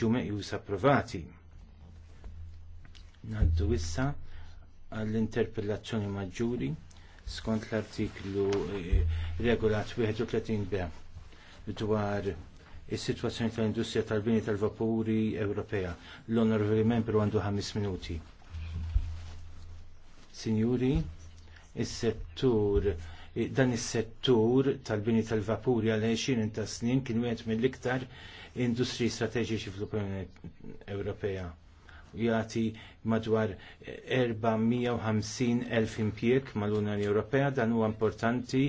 ġu meqjus approvati. Naddu issa għall-interpellazzjoni maġġuri skont l-artiklu eh, regolat 31b dwar is-sitwazzjoni tal-industrija tal-bini tal-vapuri Ewropea. L-onorevoli membru għandu 5 minuti. Sinjuri, is-settur eh, dan is-settur tal-bini tal-vapuri għal 20 ta' snin kien wieħed mill-iktar industri strateġiċi fl-Unjoni Ewropea. Jati madwar 450 elf impjek mal-Unjoni Ewropea dan huwa importanti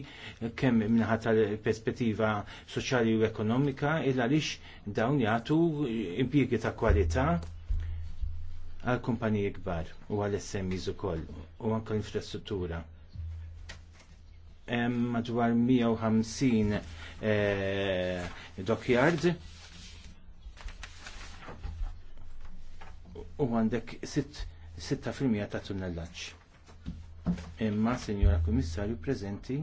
kemm minħat tal-perspettiva soċjali u ekonomika il għaliex dawn jagħtu impjiegi ta' kwalità għal kumpaniji kbar u għal SMEs ukoll u anke l-infrastruttura madwar 150 eh, dockyard u għandek 6% ta' tunnellaċ. Imma, Signora Kummissarju, preżenti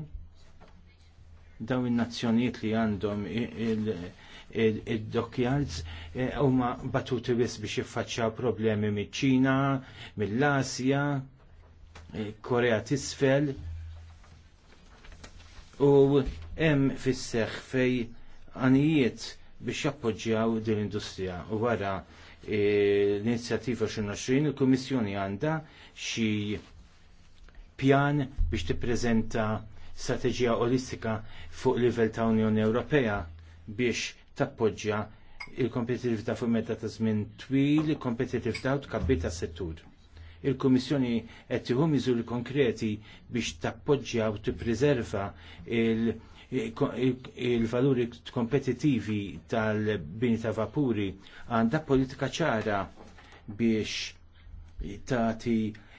daw in-nazzjonijiet li għandhom il-dockyards e, huma batuti bis biex jiffaċċjaw problemi miċ-Ċina, mill-Asja, e, Korea t'isfel u hemm fis-seħħ fej għanijiet biex jappoġġjaw din l-industrija u wara l-inizjattiva 2020, il komissjoni għandha xi pjan biex tippreżenta strateġija olistika fuq livell ta' Unjoni Ewropea biex tappoġġja il-kompetitività fuq meta ta' żmien twil, il-kompetitività u tkabbir tas settur. il komissjoni qed tieħu miżuri konkreti biex tappoġġja u tippreserva il- il-valuri kompetittivi tal-bini ta' vapuri għandha politika ċara biex tagħti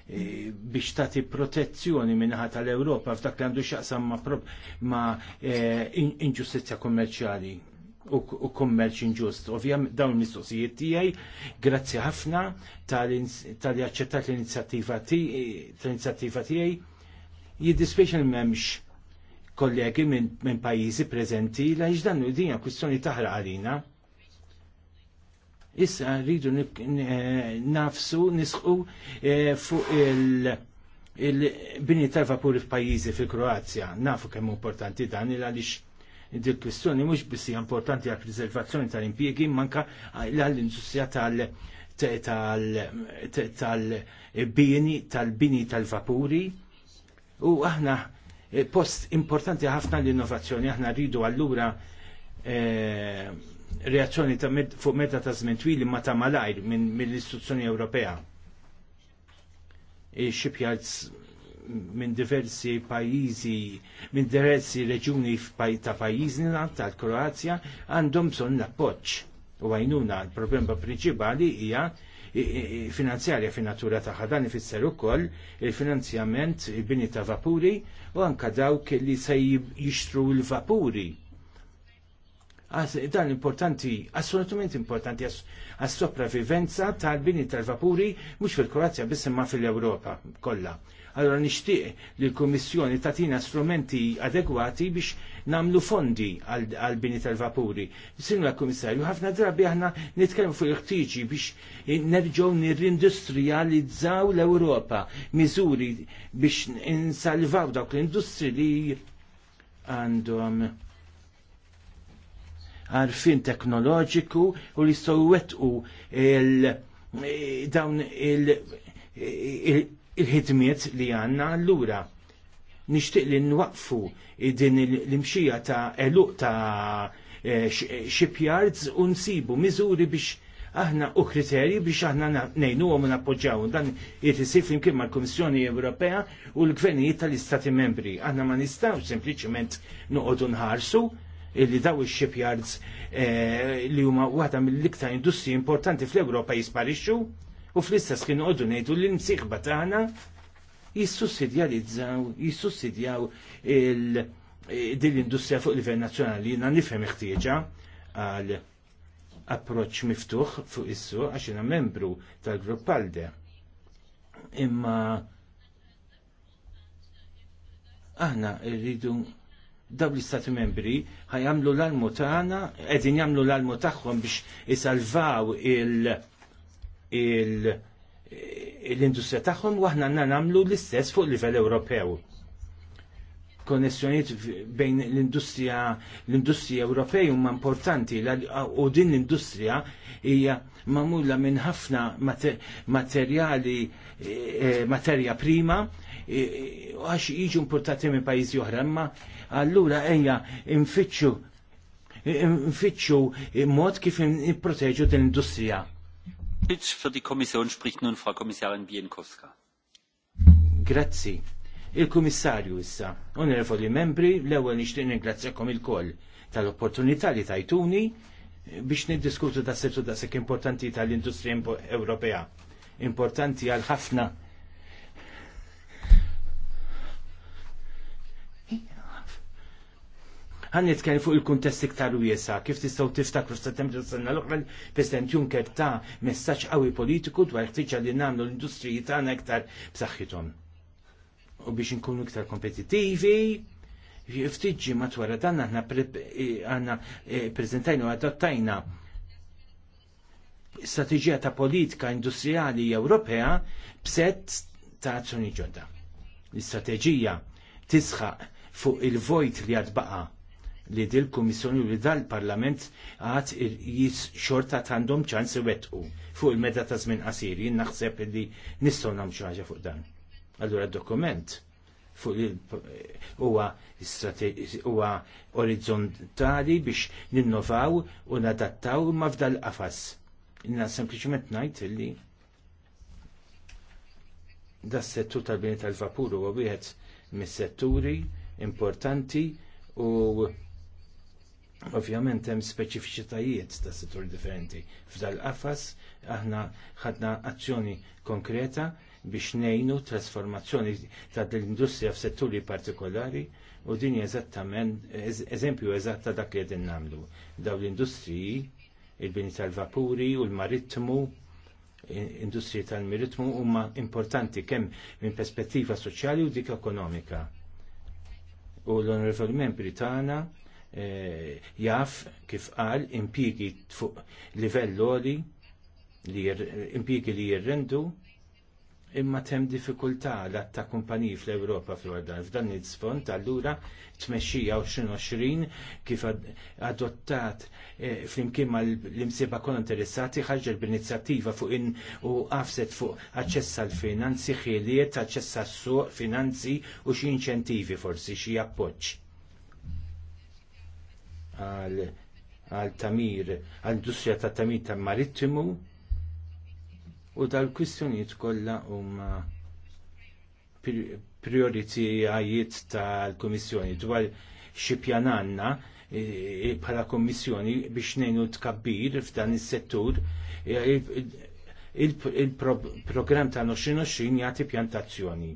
eh, biex tati protezzjoni minnaħa tal-Ewropa f'dak li għandu x'aqsam ma', prop, ma eh, inġustizzja kummerċjali u kummerċ inġust. Ovvijam dawn mistoqsijiet tiegħi, grazzi ħafna tal jaċċettat aċċettat l-inizjattiva eh, tiegħi. l m'hemmx kollegi minn min pajjiżi preżenti la dan dinja kwistjoni taħraq għalina. Issa rridu eh, nafsu nisħu eh, fuq il- il-bini tal-vapur f'pajjiżi fil-Kroazja. Nafu kemm importanti dan il għaliex dil kwistjoni mhux biss hija importanti għal preservazzjoni tal-impjiegi manka għall-industrija tal-bini tal-bini tal-vapuri u aħna Eh, post importanti ħafna l-innovazzjoni, aħna rridu allura eh, reazzjoni ta' med, fuq meta ta' żmien twil imma ta' malajr minn min l-istituzzjoni Ewropea. Eh, shipyards minn diversi pajjiżi, minn diversi reġuni ta' pajjiżni tal-Kroazja għandhom bżonn l-appoġġ. U għajnuna l-problema prinċipali hija finanzjarja fin natura tagħha dan ifisser ukoll il-finanzjament il-bini ta' vapuri u anka dawk li se jixtru l-vapuri dan importanti, assolutament importanti għas sopravivenza tal-bini tal-vapuri mhux fil-Kroazja biss imma fil-Ewropa kollha. Allora nixtieq li l-Kummissjoni tatina strumenti adegwati biex namlu fondi għal-bini tal-vapuri. Sinu l-Kummissarju, ħafna drabi aħna nitkellmu fuq il-ħtiġi biex nerġgħu nirrindustrializzaw l-Ewropa, miżuri biex insalvaw dawk l-industri li għandhom um, għarfin teknoloġiku u li jistgħu il e, dawn e, il-ħidmiet li għanna allura. Nixtieq li nwaqfu din l-imxija ta' eluq ta' e, shipyards u nsibu miżuri biex aħna u kriterji biex aħna nejnu u nappoġġaw dan imkien ma' mal kummissjoni Ewropea u l-Gvernijiet tal-Istati Membri. Aħna ma nistgħu sempliċement noqogħdu nħarsu illi daw il-shipyards eh, li huma waħda mill-iktar industri importanti fl-Ewropa jisparixxu u fl-istess kienu għoddu ngħidu li l-msieħba tagħna jissussidjalizzaw, jissussidjaw eh, din l-industrija fuq livell nazzjonali jiena nifhem iħtieġa għal approċċ miftuħ fuq issu għax jiena membru tal-grupp Alde. Imma aħna rridu daw l-istati membri ħajamlu l-almu tagħna, qegħdin jagħmlu l-almu tagħhom biex isalvaw l-industrija tagħhom u aħna nagħmlu l-istess fuq livell Ewropew. Konnessjoniet bejn l-industrija l-industrija Ewropej huma importanti u din l-industrija hija magħmula minn ħafna materjali eh, materja prima għax iġu importati minn pajjiżi oħra, imma allura ejja nfittxu nfittxu mod kif nipproteġu din industrija. industrija fir di Kommission spricht nun Frau Kommissarin Bienkowska. Grazzi. Il-Kummissarju issa, onorevoli membri, l-ewwel nixtieq ningrazzjakom il-koll tal-opportunità li tajtuni biex niddiskutu da' settu da' sekk importanti tal-industrija Ewropea. Importanti għal ħafna Għan nitkellem fuq il-kuntest iktar wiesa, kif tistgħu tiftakru settembru s-sena l-oħra President Juncker ta' messaġġ qawwi politiku dwar ħtiġa li nagħmlu l-industriji tagħna iktar b'saħħithom. U biex inkunu iktar kompetittivi, ftiġi matwara dan aħna għandna eh, eh, prezentajna u għadattajna strategija ta' politika industrijali Ewropea b'set ta' azzjoni ġodda. L-istrateġija tisħaq fuq il-vojt li għadbaqa li dil kummissjoni li dal-Parlament għad jis xorta għandhom ċans iwettqu fuq il-meda ta' żmien qasir. Jien naħseb li nistgħu nagħmlu xi ħaġa fuq dan. Allura d-dokument fuq huwa huwa orizzontali biex ninnovaw u nadattaw ma f'dal qafas. Inna sempliċement ngħid illi da settur tal-bini tal-vapur huwa wieħed mis-setturi importanti u Ovvjament hemm speċifiċitajiet ta' settur differenti. F'dal-qafas aħna ħadna azzjoni konkreta biex nejnu trasformazzjoni ta' l-industrija f'setturi partikolari u din eżattament eżempju eżatt ta' dak li qegħdin nagħmlu. Daw l-industriji, il-bini tal-vapuri u l-maritmu, industriji tal-maritmu huma importanti kemm minn perspettiva soċjali u dik ekonomika. U l-onorevoli membri tagħna Eh, jaf kif qal impjiegi fuq livell loli li impjiegi li jirrendu imma tem diffikultà l ta' kumpaniji fl-Ewropa fl-Ordan. F'dan id-sfond allura tmexxija 2020 kif adottat eh, flimkien mal l-imsieba kon interessati ħarġet b'inizjattiva fuq in u għafset fuq aċċess l finanzi ħiliet, aċċess s suq finanzi u xi inċentivi forsi xi appoġġ għal tamir, għal industrija ta' tamir ta' marittimu u dal-kwistjoniet kollha huma prioritijajiet tal-Komissjoni dwar xipjan għanna e, e, bħala Komissjoni biex nejnu tkabbir f'dan is-settur e, il-programm ta' 2020 jagħti pjantazzjoni.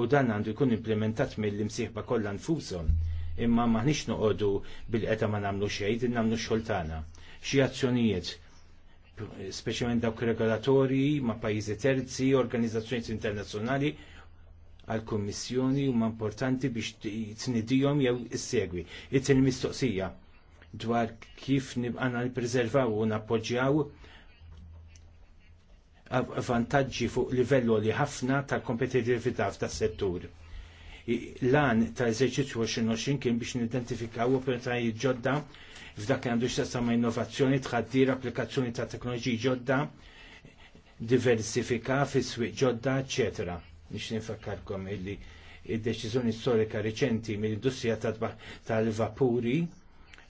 U dan għandu jkun implementat mill-imsieħba kollha nfushom imma maħniex noqogħdu bil-qeta ma nagħmlu xejn, nagħmlu xogħol tagħna. Xi azzjonijiet speċjalment dawk regolatorji ma' pajjiżi terzi, organizzazzjonijiet internazzjonali għall kummissjoni huma importanti biex t-nidijom jew issegwi. it Itin mistoqsija dwar kif nibqana nippreservaw u nappoġġjaw vantaġġi fuq livellu li ħafna tal-kompetitività f'ta' settur lan ta' eżerċizzju 2020 kien biex nidentifikaw opportunitajiet ġodda f'dak li għandu x'taqsam innovazzjoni, tħaddir, applikazzjoni ta' teknoloġiji ġodda, diversifika fis-swieq ġodda, eċetera. Nix nifakkarkom illi id-deċiżjoni storika reċenti mill-industrija tal-vapuri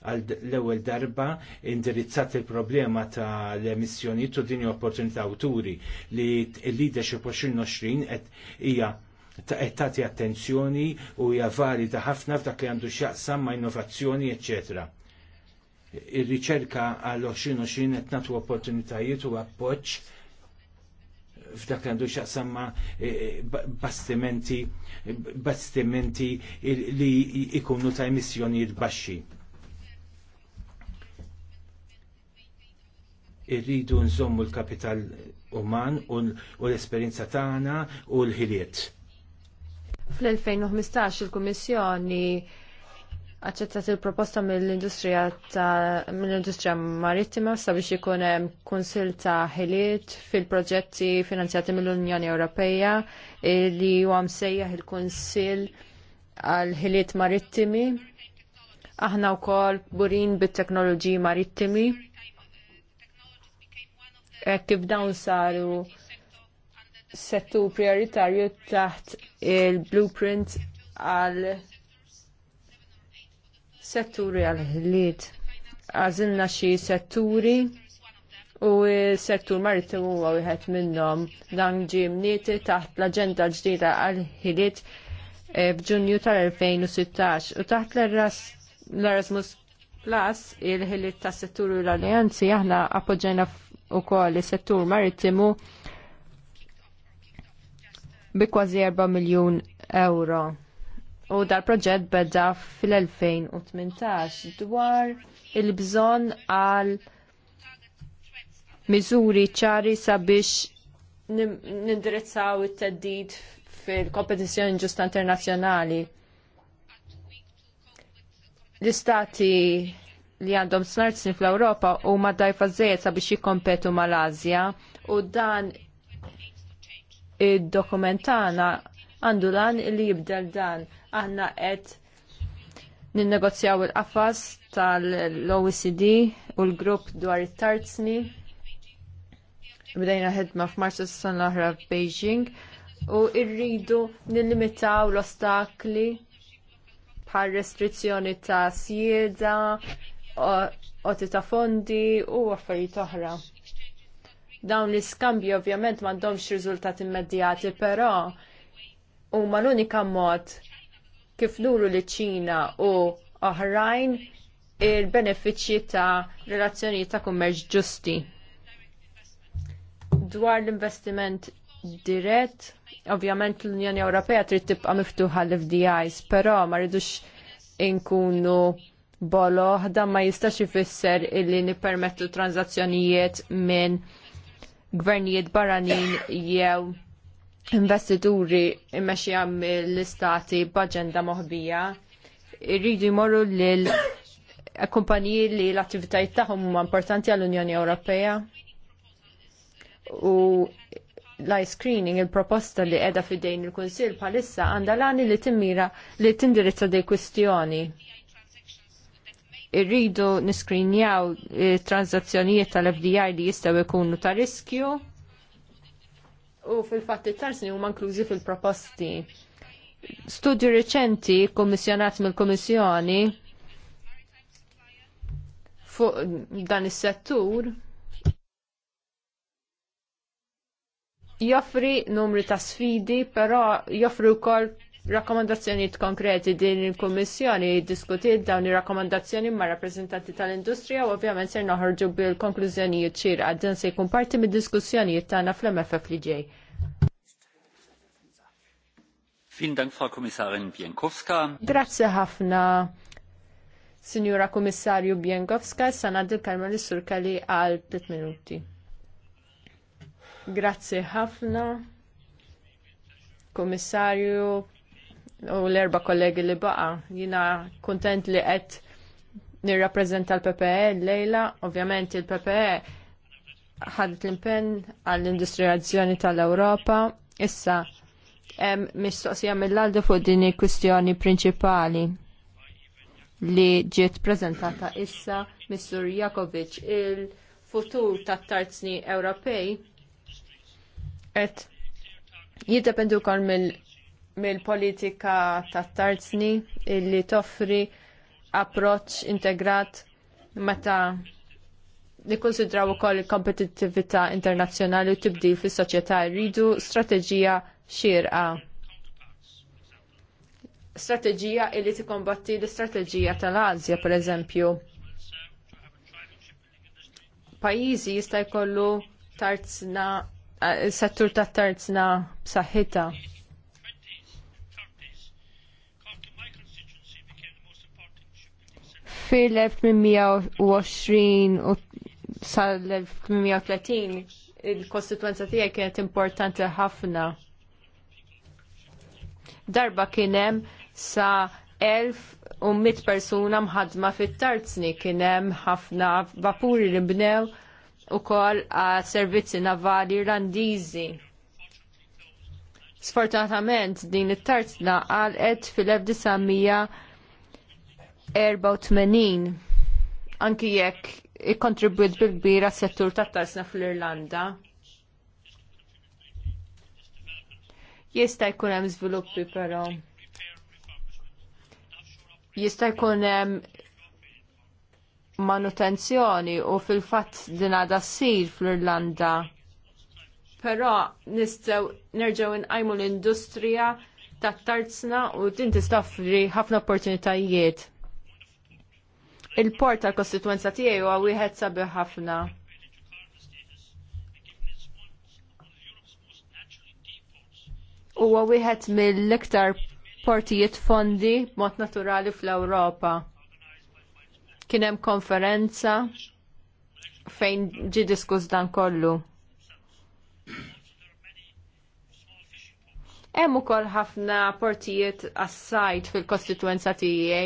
għal l-ewwel darba indirizzat il-problema tal emissjonijiet u din opportunità awturi li l-leadership 2020 qed hija ta' eh, tagħti attenzjoni u hija varita ħafna f'dak li għandu x'jaqsam ma' innovazzjoni, ecc. Ir-riċerka għal 2020 qed nagħtu opportunitajiet u appoġġ f'dak li għandu xaqsam ma' eh, bastimenti, bastimenti li ikunu ta' emissjonijiet baxxi. Irridu nżommu l-kapital uman u l-esperienza tagħna u l-ħiliet Fl-2015 il-Kummissjoni aċċettat il-proposta mill-industrija mill-industrija marittima sabiex ikun hemm kunsil ta' ħiliet fil-proġetti finanzjati mill-Unjoni Ewropea li huwa msejjaħ il-kunsil għal ħiliet marittimi. Aħna wkoll burin bit-teknoloġiji marittimi. Kif dawn saru settur prioritarju taħt il-blueprint għal setturi għal ħiliet Għazilna xi setturi u settur marittimu huwa wieħed minnhom dan ġie taħt l-aġenda ġdida għal ħiliet eh, f'Ġunju tal-2016 u taħt l-Erasmus Plus il-ħiliet tas settur l-Alleanzi aħna appoġġejna u is-settur marittimu bi kważi 4 miljun euro. U dal-proġett beda fil-2018 dwar il-bżon għal miżuri ċari sabiex nindirizzaw it-teddid fil-kompetizjoni ġusta internazzjonali. L-istati li għandhom snarzni fl-Europa u ma dajfa zejt sabiex jikompetu mal-Azja u dan id-dokumentana għandu lan li jibdel dan. Aħna qed ninnegozjaw il-qafas tal-OECD u l-grupp dwar it-tarzni. Bdejna ħedma f'Marzu s-san l-oħra Beijing u rridu nillimitaw l-ostakli bħal restrizzjoni ta' sjeda, oti ta' fondi u affarijiet oħra. Dawn l-iskambji ovvjament m'għandhomx riżultati immedjati, però huma l-unika mod kif nuru li ċina u oħrajn il-benefiċċji ta' relazzjonijiet ta' kummerċ ġusti. Dwar l-investiment dirett, ovvjament l-Unjoni Ewropea trid tibqa' miftuħa l-FDIs, però ma rridux inkunu bolo, dan ma jistax ifisser illi nippermettu tranzazzjonijiet minn gvernijiet barranin jew investituri imexxija mill-istati b'aġenda moħbija irridu jmorru lil kumpaniji li l-attivitajiet tagħhom huma importanti għall-Unjoni Ewropea. U l-ice screening il-proposta li qiegħda fidejn il-Kunsill bħalissa għandha lani li timmira li tindirizza dei kwistjoni irridu niskrinjaw eh, transazzjonijiet tal-FDI li jistgħu jkunu ta' riskju u fil fatti it-tarsni huma inklużi fil-proposti. Studju riċenti kommissjonat mill-Kummissjoni fuq dan is-settur joffri numri ta' sfidi, però joffri wkoll rakkomandazzjonijiet konkreti din il-Kummissjoni diskutiet dawn ir-rakkomandazzjoni ma' rappreżentanti tal-industrija u ovvjament ser naħarġu bil-konklużjonijiet ċira din se jkun parti mid-diskussjonijiet tagħna fl-MFF li ġej. Vielen Dank, Frau Kommissarin Bienkowska. Grazie ħafna, Signora Kommissarju Bienkowska. Sana dil-kalma li surkali għal 3 minuti. Grazie ħafna, Kommissarju u l-erba kollegi li baqa. Jina kontent li qed nirrappreżenta l-PPE lejla, ovvjament il-PPE ħadet l-impenn għall-industrializzazzjoni tal-Ewropa. Issa hemm mistoqsija mill-għaldu fuq din il-kwistjoni prinċipali li ġiet prezentata issa Mr. Jakovic il-futur tat-tarzni Ewropej qed jiddependu wkoll mill mill-politika ta' tarzni illi toffri approċċ integrat meta nikkonsidraw ukoll il-kompetittività internazzjonali u tibdil fis-soċjetà jridu strateġija xierqa. Strateġija li tikkombatti l-istrateġija tal-Azja, pereżempju. Pajjiżi jista' jkollu tarzna eh, settur tat tarzna b'saħħitha. fil-1820 u sal-1830 il-kostituenza tiegħi kienet importanti ħafna. Darba kienem sa 1100 persuna mħadma fit-tarzni kienem ħafna vapuri li bnew u kol servizzi navali irlandiżi. Sfortunatament din it-tarzna għalqet fil-1900 84 anki jekk ikkontribwit bil-kbira settur tat-tarsna fl-Irlanda. Jista' jkun hemm żviluppi però. Jista' jkun hemm manutenzjoni u fil-fatt din għadha ssir fl-Irlanda. Però nistgħu nerġgħu nqajmu l-industrija tat-tarzna u din tista' ħafna opportunitajiet il-port tal-kostituenza tiegħi huwa wieħed sabiħ ħafna. Huwa wieħed mill-iktar portijiet fondi mod naturali fl-Ewropa. Kien hemm konferenza fejn ġi diskuss dan kollu. Hemm ukoll ħafna portijiet assajt fil-kostituenza tiegħi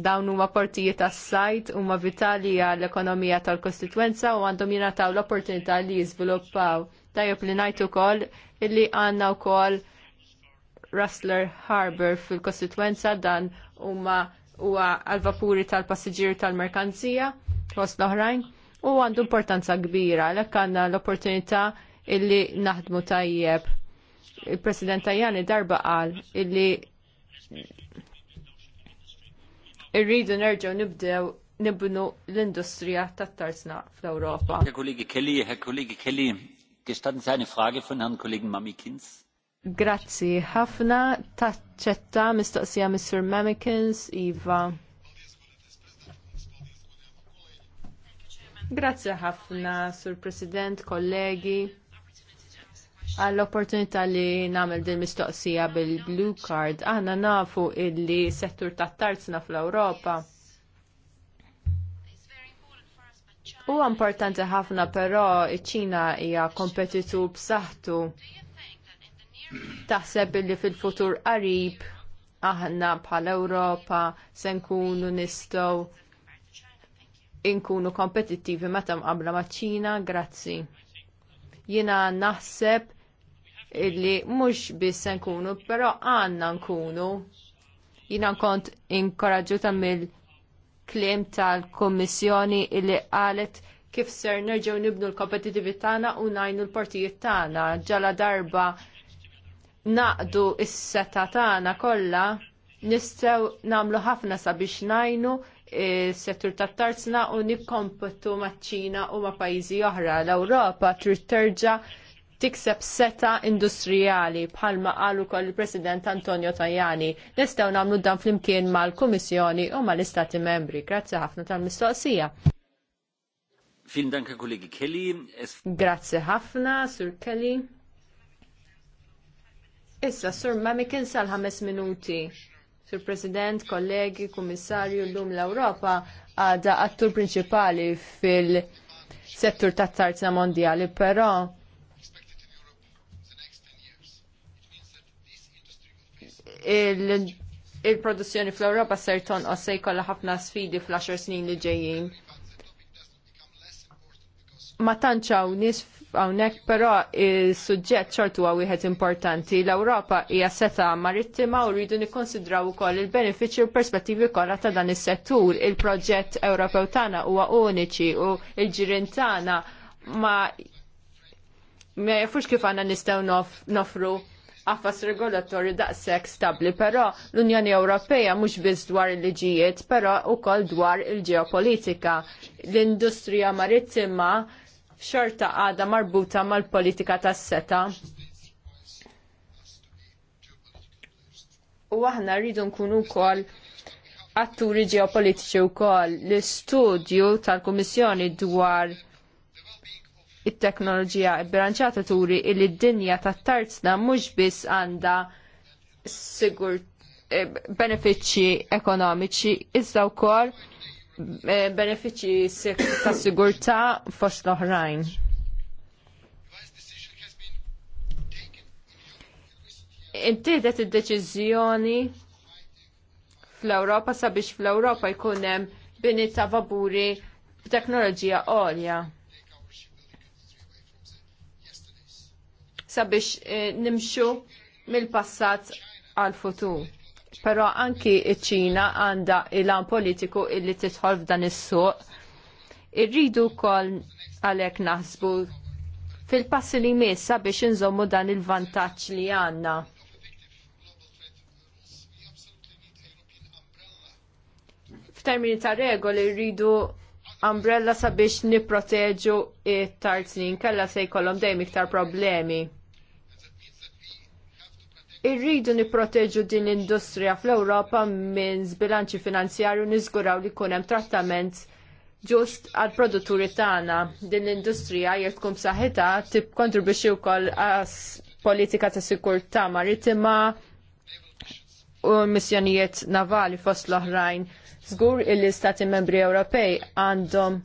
Dawn huma partijiet tas-sajt huma vitali għall-ekonomija tal-kostitwenza u għandhom jingħataw l-opportunità li jiżviluppaw. Tajjeb li ngħid ukoll illi għandna wkoll Rustler Harbor fil-kostitwenza dan huma huwa għal-vapuri tal-passiġġieri tal-merkanzija fost l-oħrajn u għandu importanza kbira għalhekk għandna l-opportunità illi naħdmu tajjeb. Il-President Tajani darba qal illi irridu nerġgħu nibdew nibnu l-industrija tat tarsna fl-Ewropa. Herr Kollege Kelly, Herr Kollege Kelly, gestatten Sie eine Frage von Herrn Kollegen Mamikins? Grazzi, ħafna taċċetta mistoqsija Mr. Mamikins, Iva. Grazzi ħafna, Sur President, kollegi għall-opportunità li nagħmel din mistoqsija bil-blue card. Aħna nafu illi settur tat-tarzna fl-Ewropa. Huwa importanti ħafna però iċ-Ċina hija kompetitur b'saħħtu. Taħseb illi fil-futur qarib aħna bħal-Ewropa se nkunu nistgħu inkunu kompetittivi meta mqabbla maċ-Ċina, grazzi. Jiena naħseb illi mhux biss se nkunu, però għandna nkunu. Jiena kont inkoraġuta mill-klim tal-Kommissjoni illi qalet kif ser nerġgħu nibnu l-kompetitività tagħna u ngħinu l-partijiet tagħna ġala darba naqdu s seta tagħna kollha nistgħu nagħmlu ħafna sabiex ngħinu s-settur tat-tarzna u nikkompetu maċ-Ċina u ma' pajjiżi oħra. L-Ewropa trid terġa' tikseb seta industrijali bħalma qalu kol il-President Antonio Tajani. Nistgħu nagħmlu dan flimkien mal-Kummissjoni u mal-Istati Membri. Grazzi ħafna tal-mistoqsija. Fin danka kollegi Kelly. Es... Grazie ħafna, Sur Kelly. Issa, Sur Mamikin sal ħames minuti. Sur President, kollegi, kummissarju, l-lum l-Europa għada għattur prinċipali fil-settur tat-tartna mondjali, però il-produzzjoni fl-Europa ser tonqos se jkollha ħafna sfidi fl-10 snin li ġejjin. Ma tantx hawn nies hawnhekk però is-suġġett xortu huwa wieħed importanti. L-Ewropa hija seta marittima u rridu nikkonsidraw ukoll il-benefiċċji u l-perspettivi kollha ta' dan is-settur. Il-proġett Ewropew tagħna huwa uniċi u l-ġirien tagħna ma ma jafux kif għanna nistaw nofru qafas regolatori daqshekk stabbli, però l-Unjoni Ewropea mhux biss dwar il-liġijiet, però wkoll dwar il-ġeopolitika. L-industrija marittima xorta għadha marbuta mal-politika tas-seta. U aħna rridu nkunu wkoll atturi ġeopolitiċi wkoll l-istudju tal-Kummissjoni dwar it-teknoloġija bilanċata turi li d-dinja tat-tarzna mhux biss għandha sigur eh, benefiċċji ekonomiċi iżda wkoll eh, benefiċċji ta' sigurtà fost l-oħrajn. Intieħdet id-deċiżjoni fl-Ewropa sabiex fl-Ewropa jkun hemm bini ta' vapuri b'teknoloġija għolja. sabiex eh, nimxu mill-passat għal-futur. Però anki ċina ċina għandha ilan politiku illi titħol f'dan is-suq. Irridu wkoll għalhekk naħsbu fil-passi li messa biex inżommu dan il-vantaġġ li għandna. F'termini ta' regoli rridu umbrella sabiex nipproteġu it-tarzin, kalla se jkollhom dejjem iktar problemi. Irridu nipproteġu din l-industrija fl-Ewropa minn zbilanċi finanzjarju niżguraw li jkun hemm trattament ġust għal produtturi tagħna. Din l-industrija jekk tkun b'saħħitha tikkontribwixxi wkoll għas politika ta' sikurtà marittima u missjonijiet navali fost l-oħrajn. Żgur il-Istati Membri Ewropej għandhom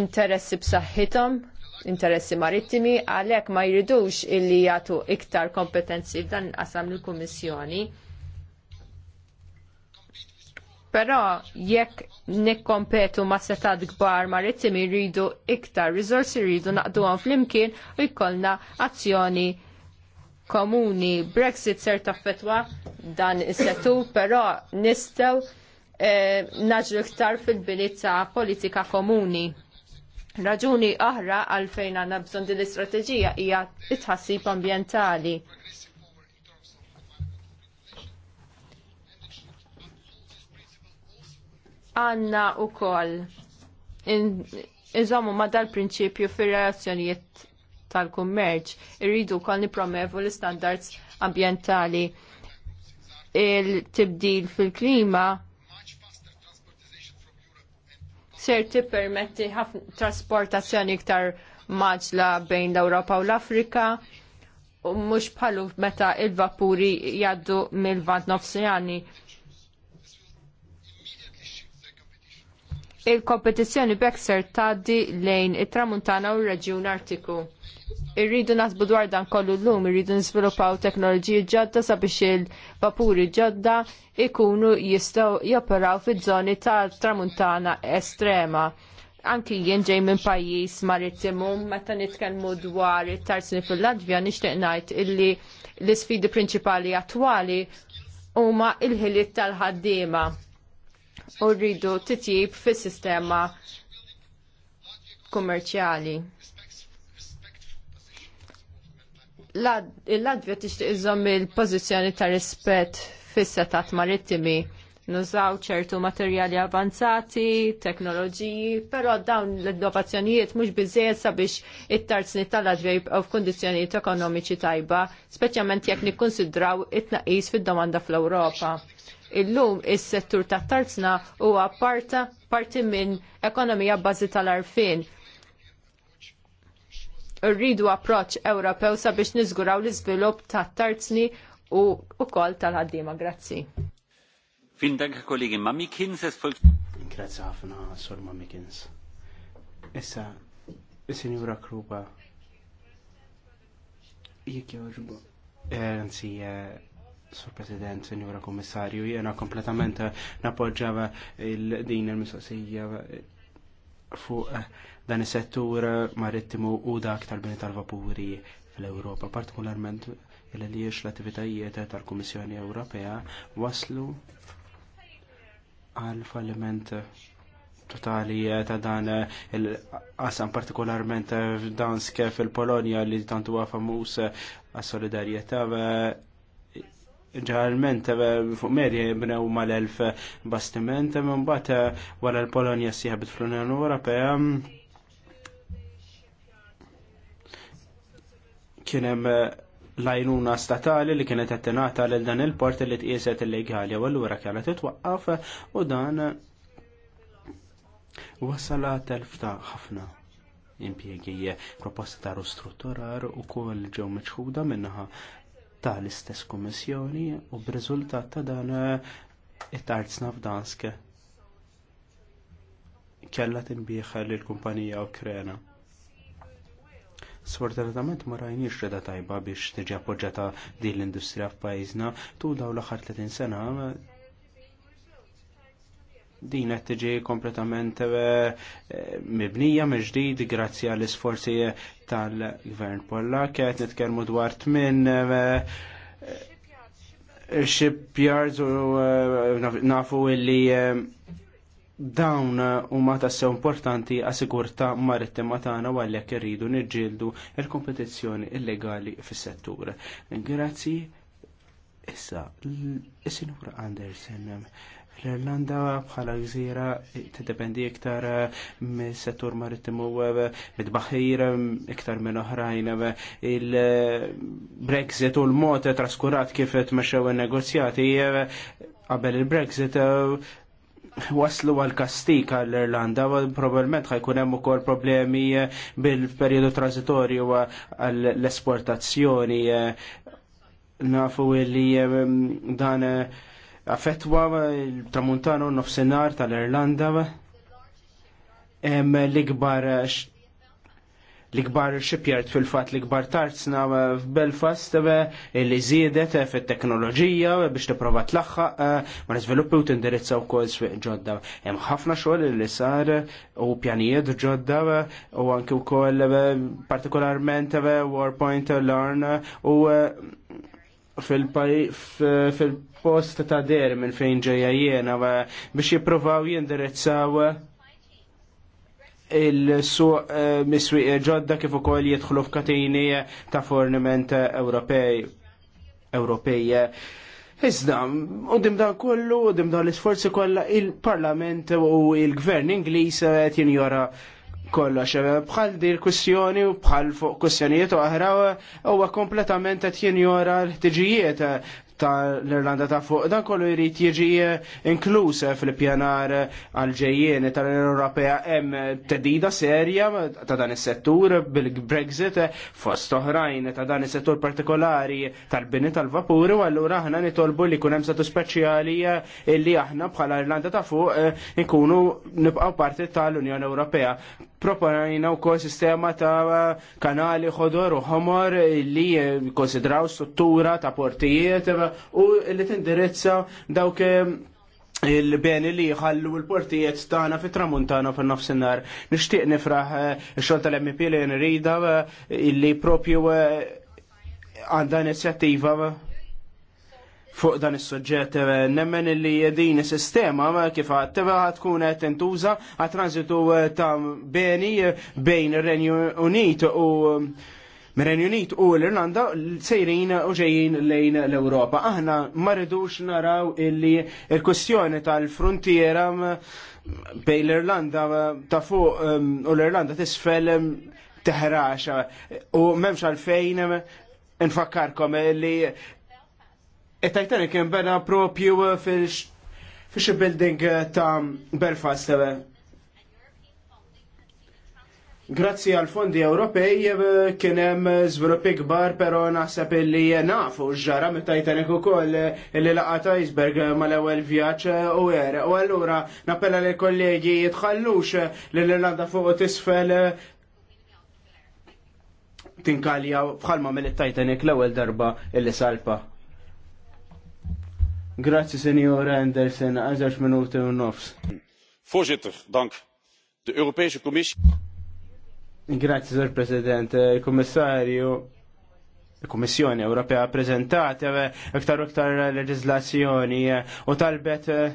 interessi b'saħħithom interessi marittimi għalhekk ma jridux illi jagħtu iktar kompetenzi f'dan qasam lill-Kummissjoni. Però jekk nikkompetu ma' setat kbar marittimi jridu iktar riżorsi jridu naqduhom flimkien u jkollna azzjoni komuni. Brexit ser taffetwa dan is-settur, però nistgħu eh, naġru iktar fil-bini ta' politika komuni. Raġuni oħra għalfejn għandna bżonn din l-istrateġija hija t tħassib ambjentali. Għanna u koll iżommu ma dal-prinċipju fir relazzjonijiet tal-kummerċ. Irridu wkoll nipromevu l istandards ambjentali. Il-tibdil fil-klima ser tippermetti ħafna trasportazzjoni iktar maġla bejn l-Ewropa u l-Afrika u mhux bħalu meta il-vapuri jgħaddu mill-vant nofsjani. il-kompetizzjoni bekser tgħaddi lejn it-tramuntana u r-reġjun Artiku. Irridu naħsbu dwar dan kollu llum, irridu nisviluppaw teknoloġiji ġodda sabiex il-vapuri ġodda ikunu jistgħu joperaw fiż-żoni tat tramuntana estrema anki jien ġej minn pajjiż marittimu, meta nitkellmu dwar it-tarsni fil-Latvja, nixtieq ngħid illi l isfidi prinċipali attwali huma l ħiliet tal-ħaddiema u rridu titjib fis-sistema kummerċjali. Il-Latvja tixtieq iżomm il-pożizzjoni ta' rispett fis-setat marittimi nużaw ċertu materjali avanzati, teknoloġiji, però dawn l-innovazzjonijiet mhux biżejjed sabiex it-tarzni tal-Latvja jibqgħu f'kundizzjonijiet ekonomiċi tajba, speċjalment jekk nikkonsidraw it-tnaqqis fid-domanda fl-Ewropa illum is-settur tat-tarzna huwa parti minn ekonomija bażi tal-arfin. Rridu approċċ Ewropew sabiex niżguraw l-iżvilupp ta' tarzni u wkoll tal-ħaddiema. Grazzi. Fin dank kollegi Mamikins Grazzi ħafna Sur Mamikins. Issa is-Sinjura Krupa jekk joġbu. Eh, anzi, eh, Sur President, Sinjura Kommissarju, jena kompletament napoġġava il-din il-mistoqsija fuq dan is-settur marittimu u dak tal-bini tal-vapuri fl-Ewropa, partikolarment il liex l-attivitajiet tal-Kummissjoni Ewropea waslu għal falliment totali ta' dan il-qasam partikolarment f'Dansk fil polonia li tantu għafamus għas-solidarieta ġeneralment eh, fuq Merja jibnew mal-1000 bastiment, eh, minn bat eh, wara l-Polonja sieħbet fl-Unjoni Ewropea. Kienem lajnuna statali li kienet attenata l dan il-port li tqieset illegali u allura kienet titwaqqaf u dan wasala telf ta' ħafna impjegija proposta ta' ristrutturar u koll ġew meċħuda minnaħa tal-istess kummissjoni u b'riżultat ta' dan eh, it-tarzna f'dansk. Kella timbieħa lill kumpanija Ukrena. Sfortunatament ma rajniex reda tajba biex tiġi appoġġata din l-industrija f'pajjiżna tu daw l-aħħar 30 sena din qed tiġi kompletament eh, eh, mibnija mill-ġdid grazzi għall isforzi tal-Gvern Pollak qed nitkellmu dwar tmien eh, shipyards u nafu illi dawn huma tassew importanti għas-sigurtà marittima tagħna u għalhekk irridu niġġieldu l-kompetizzjoni illegali fis-settur. Grazzi issa is-Sinura Andersen L-Irlanda bħala gżira tiddependi iktar eh, mis-settur marittimu eh, mid-baħir eh, iktar minn oħrajn. Il-Brexit u l-mod traskurat kif tmexxew il negozjati qabel il-Brexit waslu għal kastik għall irlanda probabbilment ħajkun hemm ukoll problemi bil-perjodu transitorju għall esportazzjoni nafu li dan affettwa il u nofsinhar tal-Irlanda l-ikbar l-ikbar shipyard fil-fat l-ikbar tarzna f'Belfast eh, li ziedet eh, fit-teknoloġija eh, biex tipprova tlaħħaq ma n-izviluppi u tindirizza wkoll swieq ġodda. Hemm ħafna xogħol li sar u pjanijiet ġodda u anke wkoll partikolarment Warpoint Learn u fil-post ta' der minn fejn ġeja jena biex jipprovaw jindirizzaw il-suq eh, miswiq ġodda kif ukoll jidħlu f'katini ta' forniment Ewropej. Ewropej. Iżda, u dan kollu, u dan l-isforzi kollha il-Parlament u il-Gvern Ingliż qed jinjora kollox. Eh, bħal dir kwistjoni u bħal fuq kwistjonijiet oħra huwa kompletament qed jinjora l-ħtiġijiet tal-Irlanda ta' fuq. Dan kollu jrid jiġi eh, inkluż eh, fil-pjanar eh, għal-ġejjien tal-Unjoni Ewropea hemm tedida serja ta' dan is-settur bil-Brexit fost oħrajn ta' dan is-settur partikolari tal-bini tal-vapuri u allura aħna nitolbu li jkun hemm satu speċjali illi aħna bħala Irlanda ta' fuq inkunu nibqgħu parti tal-Unjoni Ewropea proponajna u kol sistema ta' kanali ħodor u ħomor li konsidraw struttura ta' portijiet u li tindirizza dawk eh, il-beni li jħallu l-portijiet tagħna fit tramuntana fin nofsinhar Nixtieq nifraħ eh, xogħol tal-MP li nrida eh, illi propju għandha inizjattiva fuq dan is-suġġett nemmen li din is-sistema kif għatteba tkun qed intuża għat transitu ta' beni bejn ir-Renju Unit u Renju Unit u l-Irlanda sejrin u ġejjin lejn l-Ewropa. Aħna ma naraw illi il-kwestjoni tal-frontiera bej l-Irlanda ta' fuq um, u l-Irlanda tisfel um, teħraxa u memx għalfejn um, nfakkarkom illi it-Titanic kien bena propju fil xibilding ta' Belfast Grazzi għal fondi Ewropej eh, kien hemm żviluppi kbar però naħseb illi nafu ġara meta Titanic ukoll illi eh, laqgħat Iceberg mal-ewwel vjaġġ eh, u era. U allura nappella li kollegi jitħallux l-Irlanda fuq tisfel tinkalja bħalma mill-Titanic l-ewwel darba illi salpa. Grazzi Senjor Andersen, għażax minuti u nofs. Voorzitter, dank. De Europese Commissie. Grazie, Sir President. Il Kommissarju, Kommissjoni Ewropea prezentat iktar eh, u iktar legislazioni o eh, talbet eh,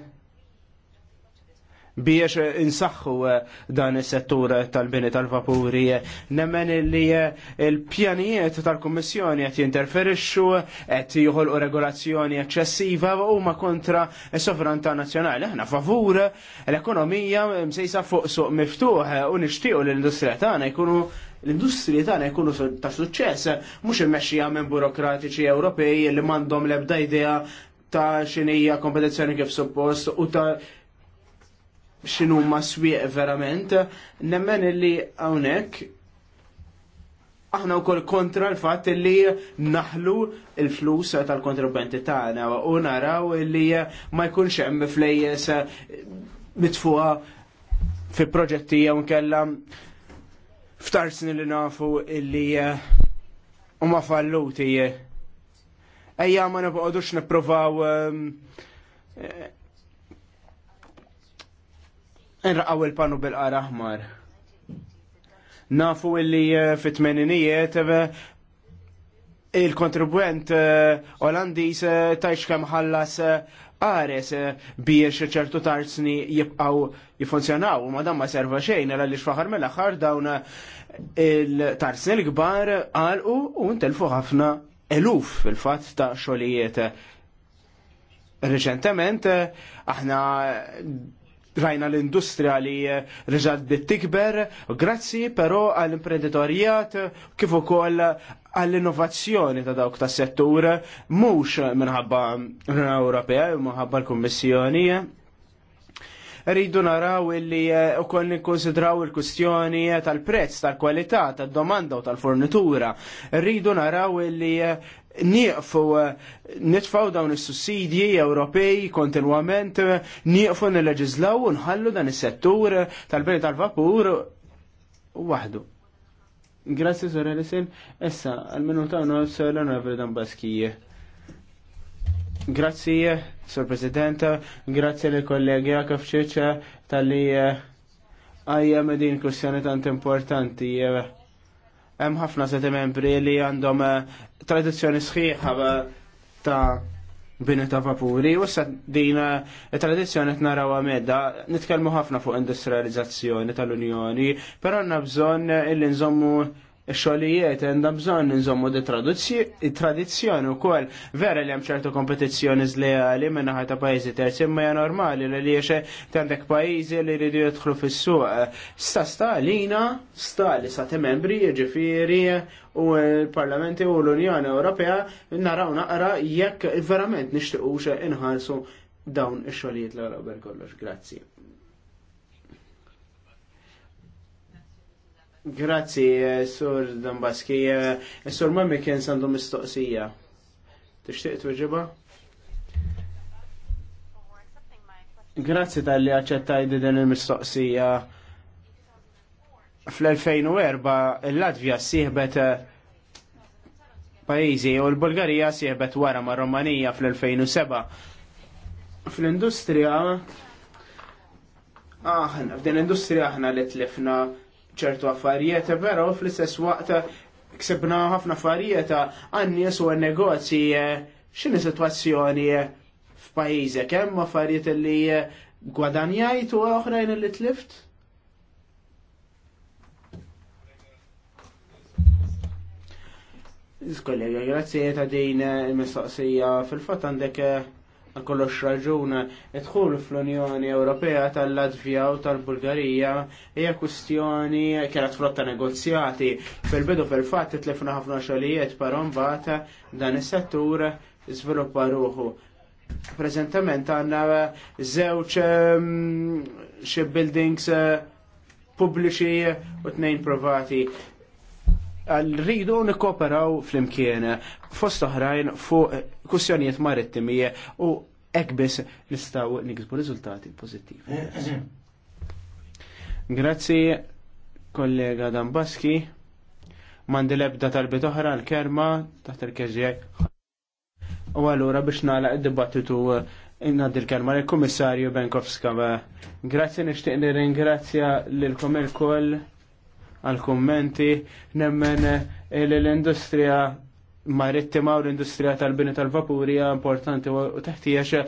biex insaxħu eh, dan is-settur tal-bini tal-vapuri. Nemmen li eh, il-pjanijiet tal-Kummissjoni qed jinterferixxu, qed u regolazzjoni eċċessiva u ma kontra s-sovranità nazzjonali. Aħna favur l-ekonomija msejsa fuq suq miftuħ u nixtiequ l-industrija tagħna jkunu l-industrija tagħna jkunu ta' suċċess mhux immexxija minn burokratiċi Ewropej li m'għandhom l-ebda idea ta' xinija kompetizzjoni kif suppost u ta' xinu ma swieq verament, nemmen illi għonek, aħna u koll kontra l-fat illi naħlu il-flus tal-kontribenti tagħna u naraw li ma jkunx hemm flejjes mitfuqa fi proġetti jew nkella f'tarsni li nafu illi u ma falluti. Ejja ma nibqgħodux nippruvaw Nraqaw il-panu bil-qara ħmar. Nafu illi eh, fit-tmeninijiet eh, il-kontribwent eh, Olandis tajx kem ħallas għares biex ċertu tarzni jibqaw jifunzjonaw, ma dan ma serva xejn, għal li xfaħar mill-axar dawn il-tarzni l-gbar għalqu u ntelfu ħafna eluf fil-fat ta' xolijiet. Reċentement aħna rajna l-industrija li eh, reġad tikber, grazzi però għall imprenditorijat kif ukoll għall-innovazzjoni ta' dawk tas settur mhux minħabba l-Unjoni Ewropea u minħabba l-Kummissjoni. Rridu naraw illi eh, ukoll nikkonsidraw il-kustjoni eh, tal-prezz, tal-kwalità, tad-domanda u tal-fornitura. Rridu naraw illi nieqfu eh, nitfaw dawn is-sussidji Ewropej kontinwament eh, nieqfu nilleġislaw u nħallu dan is-settur eh, tal-beni tal-vapur waħdu. Grazzi Sora Lisin. Essa, għal-minuta nos l dan Baskije. Grazzi, Sor Presidenta, grazzi li kollegi Jakafċeċa tal-li għajja din kussjoni tant importanti hemm ħafna seti membri li għandhom eh, tradizzjoni sħiħa eh, ta' bini ta' vapuri u sa' dina eh, tradizzjoni t-naraw medda, nitkelmu ħafna fuq industrializzazzjoni tal-Unjoni, pero għanna bżonn il-li nżommu xogħlijiet għandna bżonn nżommu di tradizzjoni wkoll vera li hemm ċertu kompetizzjoni żlejali minna naħa pajjiżi terzi imma hija normali li li għandek pajjiżi li jridu jidħlu fis sta Sta stalina, sta li sa membri jiġifieri u l-Parlamenti u l-Unjoni Ewropea naraw naqra jekk verament nixtiequx inħarsu dawn ix-xogħlijiet l-ewwel kollox. Grazzi. Grazzi, eh, Sur Dambaski. Eh, eh, Sur Mammi kien sandu mistoqsija. Tixtieq tuġiba? Grazzi tal-li għacċettaj din il-mistoqsija. Fl-2004 il-Latvija siħbet pajizi u l-Bulgarija sieħbet wara ma' Romanija fl-2007. Fl-industrija, aħna, f'din industrija aħna li tlifna ċertu affarijiet, però fl-istess waqt ksebna ħafna affarijiet għanni jesu għan-negozji eh, x'inhi sitwazzjoni eh, f'pajjiżek hemm affarijiet li eh, gwadanjajt u oħrajn li tlift? Kollega, grazie ta' din il-mistoqsija fil-fat għandek kollox raġuna idħul fl-Unjoni Ewropea tal-Latvija u tal-Bulgarija hija kwistjoni kienet flotta negozjati. Fil-bidu fil-fatt itlifna ħafna xogħlijiet parom bata dan is-settur żviluppa ruħu. Preżentament għandna żewġ xi ehm, buildings eh, pubbliċi u tnejn privati rridu nikoperaw fl-imkien fost oħrajn fuq kussjonijiet marittimi u ekbis nistaw nikisbu riżultati pozittivi. Grazzi kollega Dan Baski, mandi lebda talbit oħra l-kerma taħt il-keġġej. U għallura biex id dibattitu Innad l kelma l-Komissarju Benkovska. Grazzi nishtiqni ringrazzja l-kom il-koll għal-kommenti nemmen eh, l-industrija marittima u l-industrija tal-bini tal-vapuri hija importanti u teħtiex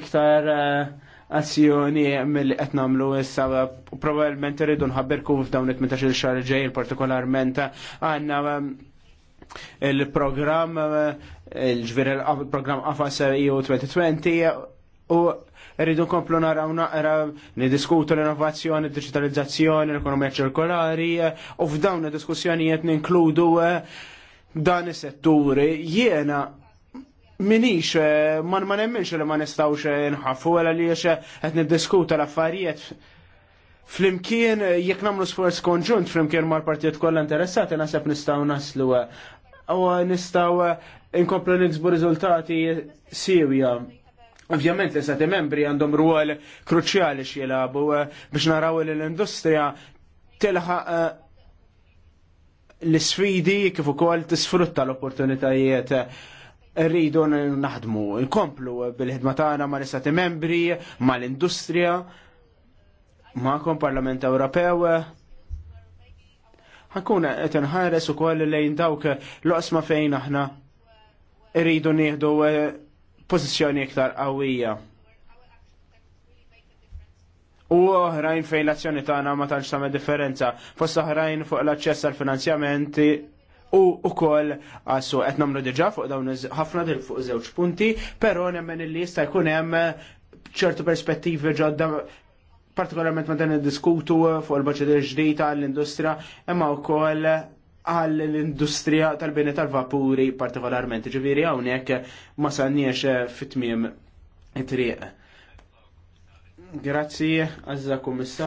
iktar eh, azzjoni mill-li qed nagħmlu u Probabilment rridu nħabbirkum f'dawn it 18 xar ġej partikolarment għandna eh, il-programm il-ġvir il program qafas EU 2020 u Rridu nkomplu naraw naqra niddiskutu l-innovazzjoni, digitalizzazzjoni, l-ekonomija ċirkolari u f'dawn id-diskussjonijiet ninkludu eh, dan is-setturi. Jiena minix, eh, man ma nemminx li ma nistawx eh, nħaffu, għala li jiex għet niddiskuta l-affarijiet flimkien jek namlu sforz konġunt flimkien mal partijiet kollha interessati nasab nistaw naslu u nistaw inkomplu niksbu riżultati sirja. Ovvjament li sati membri għandhom ruol kruċjali x'jilabu eh, biex naraw li l-industrija tilħaq eh, l-sfidi kif ukoll tisfrutta l-opportunitajiet rridu naħdmu, nkomplu bil-ħidma tagħna mal istati membri, mal-industrija, ma'kom Parlament Ewropew. Ħakuna qed inħares ukoll lejn dawk l-oqsma fejn aħna rridu nieħdu eh, pozizjoni iktar qawwija. U oħrajn fejn l-azzjoni tagħna ma tantx tagħmel differenza fost oħrajn fuq l-aċċess għal finanzjamenti u wkoll għassu qed nagħmlu diġà fuq dawn ħafna dil fuq żewġ punti, però nemmen illi jista' jkun hemm ċertu perspettivi ġodda partikolarment meta niddiskutu fuq il-baġġet ġdid tal-industrija imma wkoll għall l-industrija tal-bini tal-vapuri partikolarment. Ġiviri għawnek ma sanniex fit tmim it-triq. Grazzi, għazza kummissar.